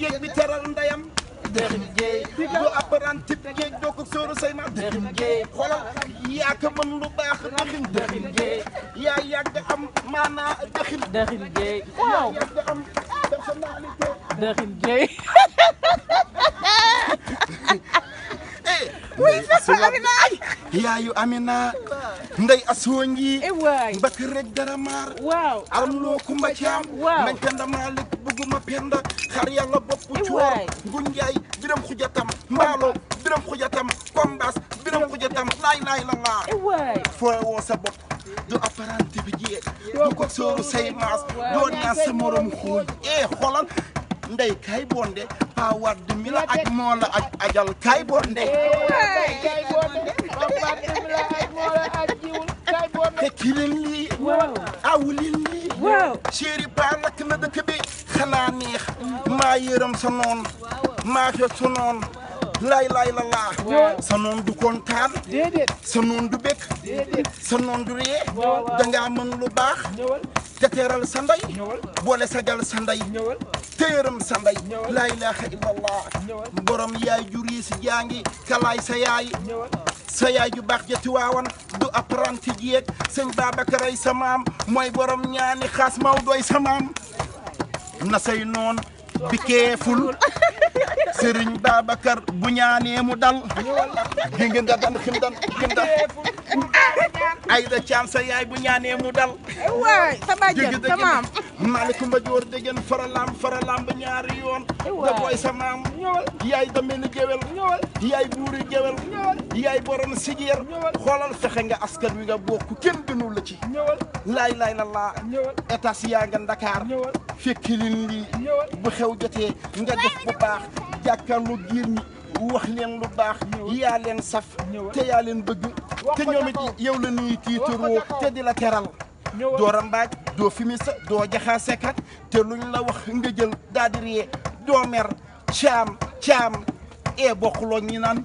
géej bi teral ndeyam dëxin géej lu apparentib géej doo ko sóoru say ma dëxin géej yaa ko mën lu baax dëxin dëxin géej yaa yàgg am maanaa dëxin dëxin géej yaa yàgg am personnalité wuy fekk Amina yaayu Amina. Ndey Asoo ngi. Mbakar rek dara maar. waaw am loo kumba caam. waaw nañ Penda Malick bëgguma Penda. xar yàlla bopp coor. Ngun biram xujatam. Mbaalo biram xujatam. Kombaas biram xujatam. laay laay la laa. foo woo bopp. du apparenti bi jiyee. ko sooru say maas. doo naa morom xooñ. eh xoolal. ndey kay bonde pa warde mila ak moola ak ajal kay kay bonde kay bonde lii awulin lii chéri pa lakk na dëkk bi xanaa neex maa yërëm sa noon maa fe sa noon laay laay la laa sa noon du kontaan sa noon du békk sa noon du ree dangaa mën lu baax te teral sa ndey boole sagal sa ndey téeram sa mbay laa ilaha illallah borom yaay ju riis jaangi kalaay sa yaay ju baax ja tiwaawan du apprenti jeeg sëñ Babakaray sa mooy borom ñaani xaas maw doy sa maam na say noon bi keeful Serigne Babacar bu ñaanee mu dal gi da dan xim dan xim dan Aïda Thiam sa yaay bu ñaanee mu dal waay sa bàjjen sa maam maliku mba joor faralam faralam ba ñaari yoon da booy sa maam yaay da mel ni géwél yaay buuri géwél yaay borom sigier xoolal fexe nga askan wi nga bokk kenn gënul la ci laay laay la laa état si yaa nga Ndakaar fekki leen bu xew jotee nga def bu baax jàkkaarlu giir ñi wax leen lu baax yaa leen saf te yaa leen bëgg te ñoom it yow la nuy tiitaroo te di la teral doo rambaaj doo fimisa doo jaxaasekat te luñ la wax nga jël daal di ree doo mer caam caam ee eh, bokkuloo ñi naan